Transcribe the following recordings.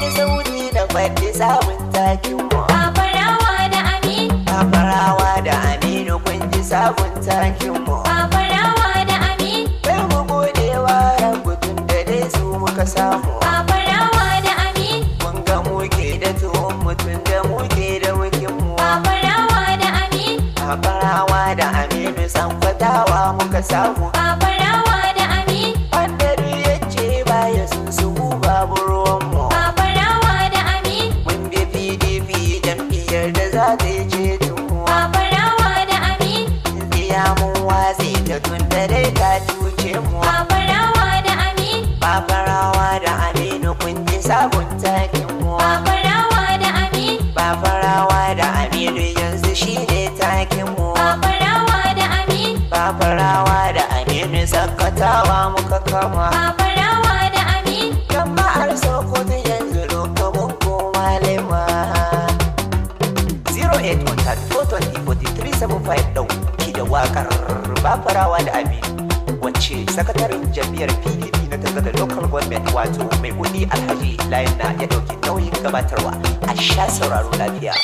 da sauri na faɗi sabon takin mu da Aminu Babarawa da Aminu kun ji sabon takin mu da Aminu Kai mu gode wa rabutun da dai su muka samu Babarawa da Aminu Mun ga muke da tuhon mutum da muke da wikin mu da Aminu Babarawa da Aminu san fatawa muka samu Babarawa mu watsi da tun dai ta cuce mu babarawa da amin babarawa da aminu kun ji sabon takin mu babarawa da amin babarawa da aminu yanzu shi ne takin mu babarawa da amin babarawa da aminu sakatawa muka kama babarawa da amin jama'ar sokoto yanzu lokacin koma lema 08 contact 420 4375 down da wakar bafarawa da abi wacce sakataren jam'iyyar pdp na tattara local government wato mai kudi alhaji layin na ya dauki nauyin gabatarwa a sha sauraro lafiya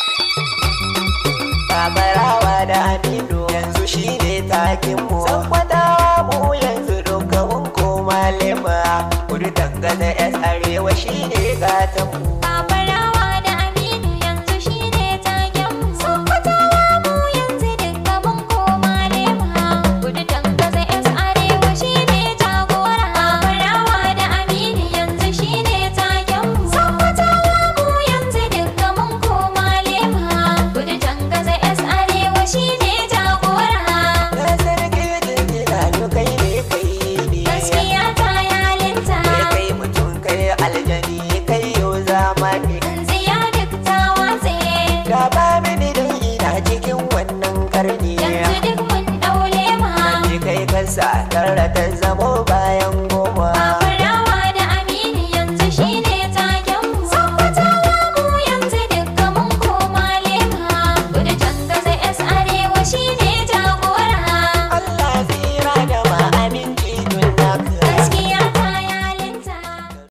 bafarawa da aminu yanzu shi shine takinmu san kwadawa mu yanzu doka koma lema kudu dangane s arewa ne gatan mamaki ziya duk ta watse gaba mini dai ina cikin wannan karniya. yanzu duk mun daule ma kai kansa tare ta zamo bayan